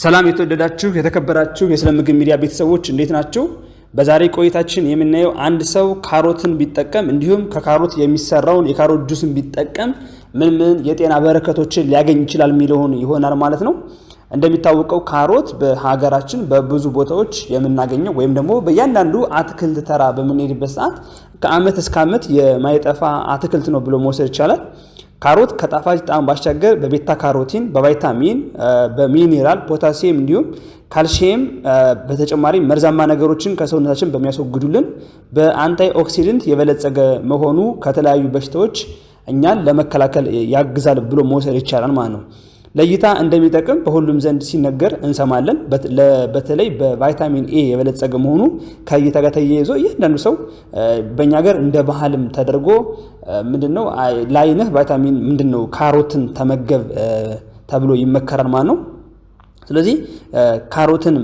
ሰላም የተወደዳችሁ የተከበራችሁ የስለ ምግብ ሚዲያ ቤተሰቦች እንዴት ናችሁ? በዛሬ ቆይታችን የምናየው አንድ ሰው ካሮትን ቢጠቀም እንዲሁም ከካሮት የሚሰራውን የካሮት ጁስን ቢጠቀም ምን ምን የጤና በረከቶችን ሊያገኝ ይችላል የሚለውን ይሆናል ማለት ነው። እንደሚታወቀው ካሮት በሀገራችን በብዙ ቦታዎች የምናገኘው ወይም ደግሞ በእያንዳንዱ አትክልት ተራ በምንሄድበት ሰዓት ከአመት እስከ አመት የማይጠፋ አትክልት ነው ብሎ መውሰድ ይቻላል። ካሮት ከጣፋጭ ጣዕም ባሻገር በቤታ ካሮቲን፣ በቫይታሚን፣ በሚኒራል ፖታሲየም እንዲሁም ካልሲየም በተጨማሪ መርዛማ ነገሮችን ከሰውነታችን በሚያስወግዱልን በአንታይ ኦክሲደንት የበለጸገ መሆኑ ከተለያዩ በሽታዎች እኛን ለመከላከል ያግዛል ብሎ መውሰድ ይቻላል ማለት ነው። ለእይታ እንደሚጠቅም በሁሉም ዘንድ ሲነገር እንሰማለን። በተለይ በቫይታሚን ኤ የበለጸገ መሆኑ ከእይታ ጋር ተያይዞ እያንዳንዱ ሰው በእኛ ሀገር እንደ ባህልም ተደርጎ ምንድነው ነው ለአይንህ ቫይታሚን ምንድነው ካሮትን ተመገብ ተብሎ ይመከራል ማለት ነው። ስለዚህ ካሮትን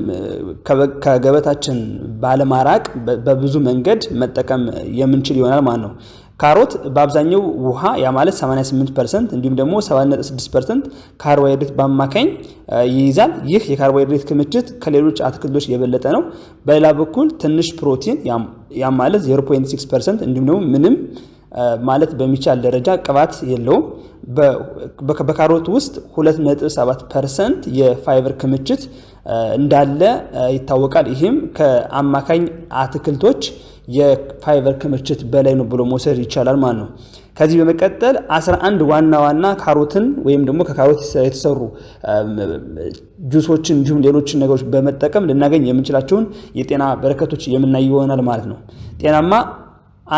ከገበታችን ባለማራቅ በብዙ መንገድ መጠቀም የምንችል ይሆናል ማለት ነው። ካሮት በአብዛኛው ውሃ ያ ማለት 88 ፐርሰንት እንዲሁም ደግሞ 76 ፐርሰንት ካርቦሃይድሬት በአማካኝ ይይዛል። ይህ የካርቦሃይድሬት ክምችት ከሌሎች አትክልቶች የበለጠ ነው። በሌላ በኩል ትንሽ ፕሮቲን ያ ማለት 0.6 ፐርሰንት እንዲሁም ደግሞ ምንም ማለት በሚቻል ደረጃ ቅባት የለውም። በካሮት ውስጥ 2.7 ፐርሰንት የፋይበር ክምችት እንዳለ ይታወቃል። ይህም ከአማካኝ አትክልቶች የፋይበር ክምችት በላይ ነው ብሎ መውሰድ ይቻላል ማለት ነው። ከዚህ በመቀጠል 11 ዋና ዋና ካሮትን ወይም ደግሞ ከካሮት የተሰሩ ጁሶችን እንዲሁም ሌሎችን ነገሮች በመጠቀም ልናገኝ የምንችላቸውን የጤና በረከቶች የምናይ ይሆናል ማለት ነው። ጤናማ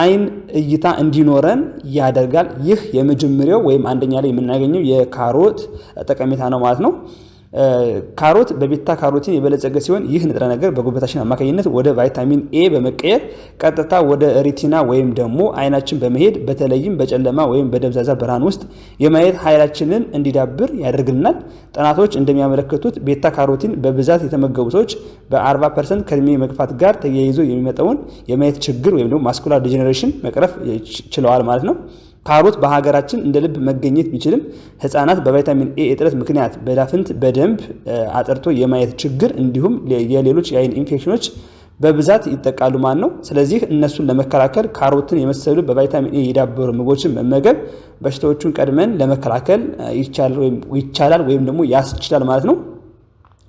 አይን እይታ እንዲኖረን ያደርጋል። ይህ የመጀመሪያው ወይም አንደኛ ላይ የምናገኘው የካሮት ጠቀሜታ ነው ማለት ነው። ካሮት በቤታ ካሮቲን የበለጸገ ሲሆን ይህ ንጥረ ነገር በጉበታችን አማካኝነት ወደ ቫይታሚን ኤ በመቀየር ቀጥታ ወደ ሪቲና ወይም ደግሞ አይናችን በመሄድ በተለይም በጨለማ ወይም በደብዛዛ ብርሃን ውስጥ የማየት ኃይላችንን እንዲዳብር ያደርግልናል። ጥናቶች እንደሚያመለክቱት ቤታ ካሮቲን በብዛት የተመገቡ ሰዎች በ40 ፐርሰንት ከእድሜ መግፋት ጋር ተያይዞ የሚመጣውን የማየት ችግር ወይም ደግሞ ማስኩላር ዲጀኔሬሽን መቅረፍ ችለዋል ማለት ነው። ካሮት በሀገራችን እንደ ልብ መገኘት ቢችልም ህጻናት በቫይታሚን ኤ እጥረት ምክንያት በዳፍንት በደንብ አጥርቶ የማየት ችግር እንዲሁም የሌሎች የአይን ኢንፌክሽኖች በብዛት ይጠቃሉ ማለት ነው። ስለዚህ እነሱን ለመከላከል ካሮትን የመሰሉ በቫይታሚን ኤ የዳበሩ ምግቦችን መመገብ በሽታዎቹን ቀድመን ለመከላከል ይቻላል ወይም ደግሞ ያስችላል ማለት ነው።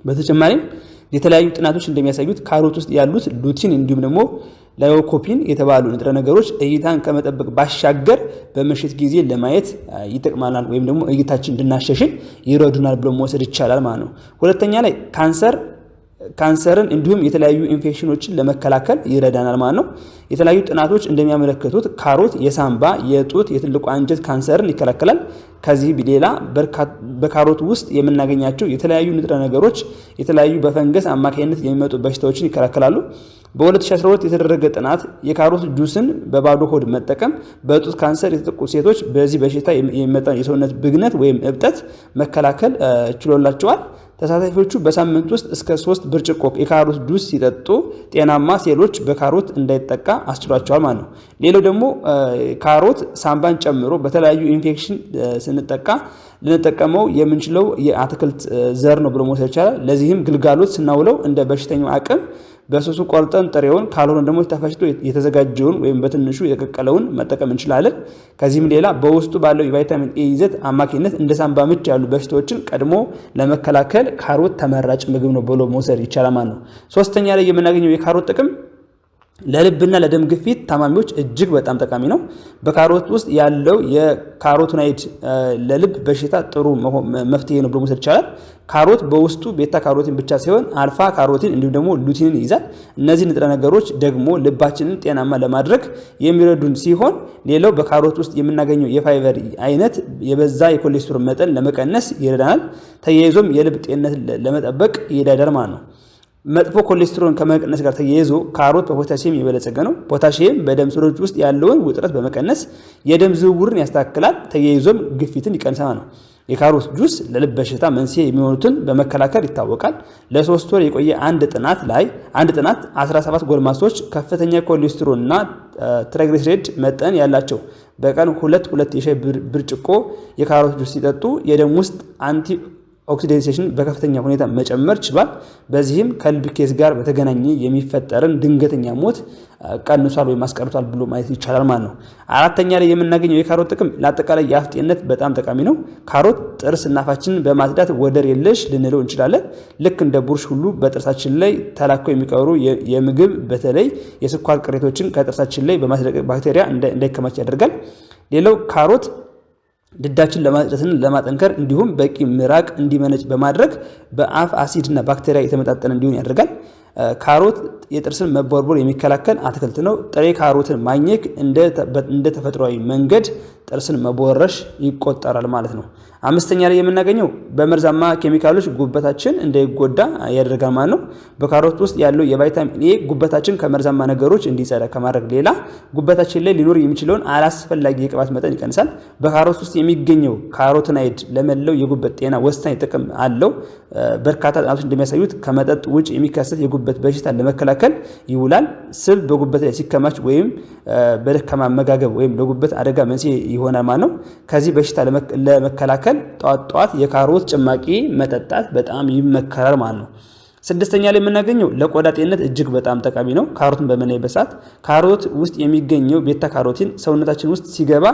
በተጨማሪም የተለያዩ ጥናቶች እንደሚያሳዩት ካሮት ውስጥ ያሉት ሉቲን እንዲሁም ደግሞ ላዮኮፒን የተባሉ ንጥረ ነገሮች እይታን ከመጠበቅ ባሻገር በምሽት ጊዜ ለማየት ይጠቅማናል ወይም ደግሞ እይታችን እንድናሸሽን ይረዱናል ብሎ መውሰድ ይቻላል ማለት ነው። ሁለተኛ ላይ ካንሰር ካንሰርን እንዲሁም የተለያዩ ኢንፌክሽኖችን ለመከላከል ይረዳናል ማለት ነው። የተለያዩ ጥናቶች እንደሚያመለክቱት ካሮት የሳምባ፣ የጡት፣ የትልቁ አንጀት ካንሰርን ይከላከላል። ከዚህ ሌላ በካሮት ውስጥ የምናገኛቸው የተለያዩ ንጥረ ነገሮች የተለያዩ በፈንገስ አማካኝነት የሚመጡ በሽታዎችን ይከላከላሉ። በ2012 የተደረገ ጥናት የካሮት ጁስን በባዶ ሆድ መጠቀም በጡት ካንሰር የተጠቁ ሴቶች በዚህ በሽታ የሚመጣ የሰውነት ብግነት ወይም እብጠት መከላከል ችሎላቸዋል። ተሳታፊዎቹ በሳምንት ውስጥ እስከ ሶስት ብርጭቆ የካሮት ጁስ ሲጠጡ ጤናማ ሴሎች በካሮት እንዳይጠቃ አስችሏቸዋል ማለት ነው። ሌላው ደግሞ ካሮት ሳምባን ጨምሮ በተለያዩ ኢንፌክሽን ስንጠቃ ልንጠቀመው የምንችለው የአትክልት ዘር ነው ብሎ መውሰድ ይቻላል። ለዚህም ግልጋሎት ስናውለው እንደ በሽተኛው አቅም በስሱ ቆልጠን ጥሬውን ካልሆነ ደግሞ ተፈጭቶ የተዘጋጀውን ወይም በትንሹ የተቀቀለውን መጠቀም እንችላለን። ከዚህም ሌላ በውስጡ ባለው የቫይታሚን ኤ ይዘት አማካኝነት እንደ ሳንባ ምች ያሉ በሽታዎችን ቀድሞ ለመከላከል ካሮት ተመራጭ ምግብ ነው ብሎ መውሰድ ይቻላል ማለት ነው። ሶስተኛ ላይ የምናገኘው የካሮት ጥቅም ለልብና ለደም ግፊት ታማሚዎች እጅግ በጣም ጠቃሚ ነው። በካሮት ውስጥ ያለው የካሮቲኖይድ ለልብ በሽታ ጥሩ መፍትሄ ነው ብሎ መውሰድ ይቻላል። ካሮት በውስጡ ቤታ ካሮቲን ብቻ ሳይሆን አልፋ ካሮቲን እንዲሁም ደግሞ ሉቲንን ይይዛል። እነዚህ ንጥረ ነገሮች ደግሞ ልባችንን ጤናማ ለማድረግ የሚረዱን ሲሆን ሌላው በካሮት ውስጥ የምናገኘው የፋይበር አይነት የበዛ የኮሌስትሮል መጠን ለመቀነስ ይረዳናል። ተያይዞም የልብ ጤንነት ለመጠበቅ ይረዳል ማለት ነው። መጥፎ ኮሌስትሮን ከመቀነስ ጋር ተያይዞ ካሮት በፖታሲየም የበለጸገ ነው። ፖታሲየም በደም ስሮች ውስጥ ያለውን ውጥረት በመቀነስ የደም ዝውውርን ያስተካክላል፣ ተያይዞም ግፊትን ይቀንሳ ነው። የካሮት ጁስ ለልብ በሽታ መንስኤ የሚሆኑትን በመከላከል ይታወቃል። ለሶስት ወር የቆየ አንድ ጥናት ላይ አንድ ጥናት 17 ጎልማሶች ከፍተኛ እና ትራይግሊሰራይድ መጠን ያላቸው በቀን ሁለት ሁለት የሻይ ብርጭቆ የካሮት ጁስ ሲጠጡ የደም ውስጥ አንቲ ኦክሲዳይዜሽን በከፍተኛ ሁኔታ መጨመር ችሏል። በዚህም ከልብ ኬዝ ጋር በተገናኘ የሚፈጠርን ድንገተኛ ሞት ቀንሷል ወይም አስቀርቷል ብሎ ማየት ይቻላል ማለት ነው። አራተኛ ላይ የምናገኘው የካሮት ጥቅም ለአጠቃላይ የአፍ ጤንነት በጣም ጠቃሚ ነው። ካሮት ጥርስ እና በማጽዳት ወደር የለሽ ልንለው እንችላለን። ልክ እንደ ቡርሽ ሁሉ በጥርሳችን ላይ ተላከው የሚቀሩ የምግብ በተለይ የስኳር ቅሬቶችን ከጥርሳችን ላይ በማስለቀቅ ባክቴሪያ እንዳይከማች ያደርጋል። ሌላው ካሮት ድዳችን ለማጽዳትና ለማጠንከር እንዲሁም በቂ ምራቅ እንዲመነጭ በማድረግ በአፍ አሲድና ባክቴሪያ የተመጣጠነ እንዲሆን ያደርጋል። ካሮት የጥርስን መቦርቦር የሚከላከል አትክልት ነው። ጥሬ ካሮትን ማኘክ እንደ ተፈጥሯዊ መንገድ ጥርስን መቦረሽ ይቆጠራል ማለት ነው። አምስተኛ ላይ የምናገኘው በመርዛማ ኬሚካሎች ጉበታችን እንዳይጎዳ ያደርጋል ማለት ነው። በካሮት ውስጥ ያለው የቫይታሚን ኤ ጉበታችን ከመርዛማ ነገሮች እንዲጸዳ ከማድረግ ሌላ ጉበታችን ላይ ሊኖር የሚችለውን አላስፈላጊ የቅባት መጠን ይቀንሳል። በካሮት ውስጥ የሚገኘው ካሮትናይድ ለመለው የጉበት ጤና ወሳኝ ጥቅም አለው። በርካታ ጥናቶች እንደሚያሳዩት ከመጠጥ ውጭ የሚከሰት የጉበት በሽታ ለመከላከል ለመከላከል ይውላል። ስብ በጉበት ላይ ሲከማች ወይም በደካማ አመጋገብ ወይም ለጉበት አደጋ መንስኤ ይሆናል ማለት ነው። ከዚህ በሽታ ለመከላከል ጠዋት ጠዋት የካሮት ጭማቂ መጠጣት በጣም ይመከራል ማለት ነው። ስድስተኛ ላይ የምናገኘው ለቆዳ ጤንነት እጅግ በጣም ጠቃሚ ነው። ካሮትን በምናይበት ሰዓት ካሮት ውስጥ የሚገኘው ቤታ ካሮቲን ሰውነታችን ውስጥ ሲገባ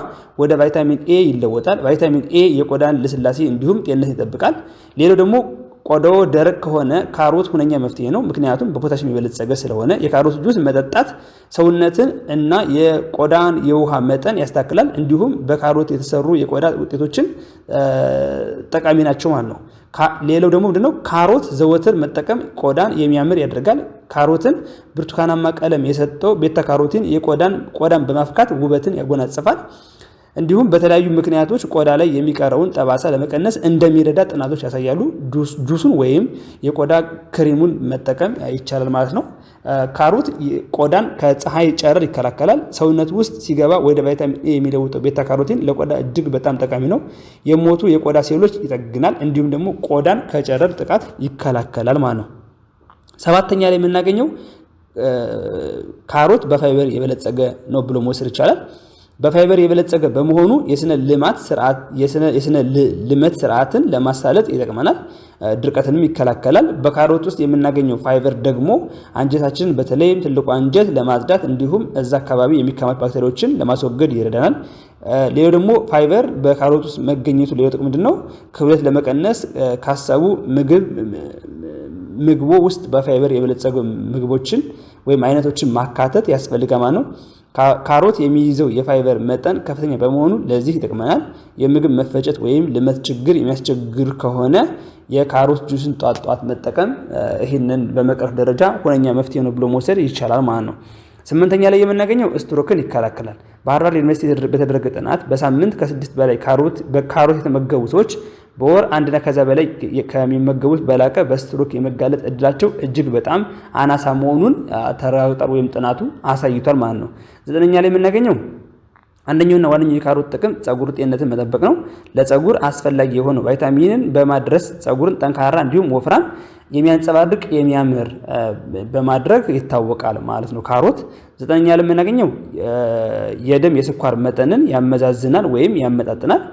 ወደ ቫይታሚን ኤ ይለወጣል። ቫይታሚን ኤ የቆዳን ልስላሴ እንዲሁም ጤንነት ይጠብቃል። ሌላው ደግሞ ቆዳው ደረቅ ከሆነ ካሮት ሁነኛ መፍትሄ ነው። ምክንያቱም በፖታሽ የሚበለጸገ ስለሆነ የካሮት ጁስ መጠጣት ሰውነትን እና የቆዳን የውሃ መጠን ያስተካክላል። እንዲሁም በካሮት የተሰሩ የቆዳ ውጤቶችን ጠቃሚ ናቸው ማለት ነው። ሌላው ደግሞ ምንድነው? ካሮት ዘወትር መጠቀም ቆዳን የሚያምር ያደርጋል። ካሮትን ብርቱካናማ ቀለም የሰጠው ቤታ ካሮቲን የቆዳን ቆዳን በማፍካት ውበትን ያጎናጽፋል። እንዲሁም በተለያዩ ምክንያቶች ቆዳ ላይ የሚቀረውን ጠባሳ ለመቀነስ እንደሚረዳ ጥናቶች ያሳያሉ። ጁሱን ወይም የቆዳ ክሬሙን መጠቀም ይቻላል ማለት ነው። ካሮት ቆዳን ከፀሐይ ጨረር ይከላከላል። ሰውነት ውስጥ ሲገባ ወደ ቫይታሚን ኤ የሚለውጠው ቤታ ካሮቲን ለቆዳ እጅግ በጣም ጠቃሚ ነው። የሞቱ የቆዳ ሴሎች ይጠግናል። እንዲሁም ደግሞ ቆዳን ከጨረር ጥቃት ይከላከላል ማለት ነው። ሰባተኛ ላይ የምናገኘው ካሮት በፋይበር የበለጸገ ነው ብሎ መውሰድ ይቻላል። በፋይበር የበለጸገ በመሆኑ የስነ ልማት ስርዓት የስነ ልማት ስርዓትን ለማሳለጥ ይጠቅመናል፣ ድርቀትንም ይከላከላል። በካሮት ውስጥ የምናገኘው ፋይበር ደግሞ አንጀታችንን በተለይም ትልቁ አንጀት ለማጽዳት እንዲሁም እዛ አካባቢ የሚከማች ባክቴሪያዎችን ለማስወገድ ይረዳናል። ሌላው ደግሞ ፋይበር በካሮት ውስጥ መገኘቱ ሌላው ጥቅም ምንድን ነው? ክብደት ለመቀነስ ካሰቡ ምግብ ምግቦ ውስጥ በፋይበር የበለጸጉ ምግቦችን ወይም አይነቶችን ማካተት ያስፈልጋማ ነው። ካሮት የሚይዘው የፋይበር መጠን ከፍተኛ በመሆኑ ለዚህ ይጠቅመናል። የምግብ መፈጨት ወይም ልመት ችግር የሚያስቸግር ከሆነ የካሮት ጁስን ጧት ጧት መጠቀም ይህንን በመቅረፍ ደረጃ ሁነኛ መፍትሄ ነው ብሎ መውሰድ ይቻላል ማለት ነው። ስምንተኛ ላይ የምናገኘው ስትሮክን ይከላከላል። ባህር ዳር ዩኒቨርሲቲ በተደረገ ጥናት በሳምንት ከስድስት በላይ ካሮት በካሮት የተመገቡ ሰዎች በወር አንድና ከዛ በላይ ከሚመገቡት በላቀ በስትሮክ የመጋለጥ እድላቸው እጅግ በጣም አናሳ መሆኑን ተረጋግጧል ወይም ጥናቱ አሳይቷል ማለት ነው። ዘጠነኛ ላይ የምናገኘው አንደኛውና ዋነኛው የካሮት ጥቅም ጸጉር ጤንነትን መጠበቅ ነው። ለጸጉር አስፈላጊ የሆነ ቫይታሚንን በማድረስ ጸጉርን ጠንካራ እንዲሁም ወፍራም የሚያንጸባርቅ የሚያምር በማድረግ ይታወቃል ማለት ነው። ካሮት ዘጠነኛ ላይ የምናገኘው የደም የስኳር መጠንን ያመዛዝናል ወይም ያመጣጥናል።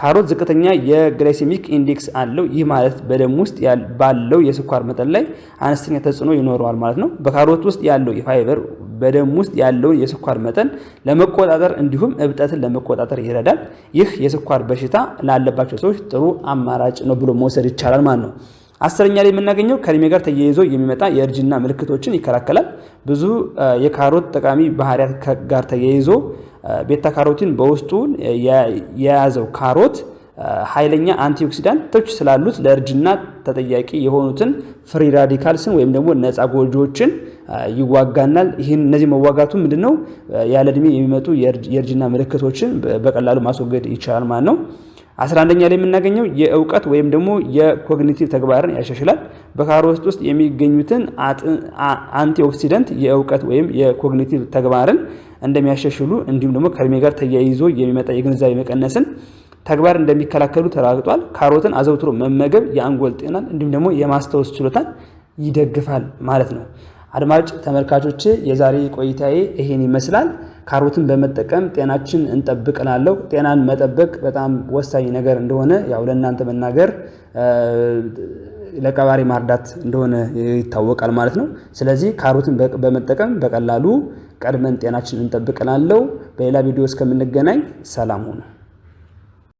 ካሮት ዝቅተኛ የግላይሴሚክ ኢንዴክስ አለው። ይህ ማለት በደም ውስጥ ባለው የስኳር መጠን ላይ አነስተኛ ተጽዕኖ ይኖረዋል ማለት ነው። በካሮት ውስጥ ያለው የፋይበር በደም ውስጥ ያለውን የስኳር መጠን ለመቆጣጠር እንዲሁም እብጠትን ለመቆጣጠር ይረዳል። ይህ የስኳር በሽታ ላለባቸው ሰዎች ጥሩ አማራጭ ነው ብሎ መውሰድ ይቻላል ማለት ነው። አስረኛ ላይ የምናገኘው ከእድሜ ጋር ተያይዞ የሚመጣ የእርጅና ምልክቶችን ይከላከላል። ብዙ የካሮት ጠቃሚ ባህሪያት ጋር ተያይዞ ቤታ ካሮቲን በውስጡ የያዘው ካሮት ኃይለኛ አንቲኦክሲዳንቶች ስላሉት ለእርጅና ተጠያቂ የሆኑትን ፍሪ ራዲካልስን ወይም ደግሞ ነፃ ጎጆዎችን ይዋጋናል። ይህን እነዚህ መዋጋቱ ምንድን ነው? ያለ እድሜ የሚመጡ የእርጅና ምልክቶችን በቀላሉ ማስወገድ ይቻላል ማለት ነው። አስራ አንደኛ ላይ የምናገኘው የእውቀት ወይም ደግሞ የኮግኒቲቭ ተግባርን ያሻሽላል። በካሮት ውስጥ የሚገኙትን አንቲኦክሲደንት የእውቀት ወይም የኮግኒቲቭ ተግባርን እንደሚያሻሽሉ እንዲሁም ደግሞ ከእድሜ ጋር ተያይዞ የሚመጣ የግንዛቤ መቀነስን ተግባር እንደሚከላከሉ ተረጋግጧል። ካሮትን አዘውትሮ መመገብ የአንጎል ጤናን እንዲሁም ደግሞ የማስታወስ ችሎታን ይደግፋል ማለት ነው። አድማጭ ተመልካቾች የዛሬ ቆይታዬ ይሄን ይመስላል። ካሮትን በመጠቀም ጤናችን እንጠብቅ ጤናን መጠበቅ በጣም ወሳኝ ነገር እንደሆነ ያው ለእናንተ መናገር ለቀባሪ ማርዳት እንደሆነ ይታወቃል ማለት ነው። ስለዚህ ካሮትን በመጠቀም በቀላሉ ቀድመን ጤናችን እንጠብቅ በሌላ ቪዲዮ እስከምንገናኝ ሰላም ሁኑ።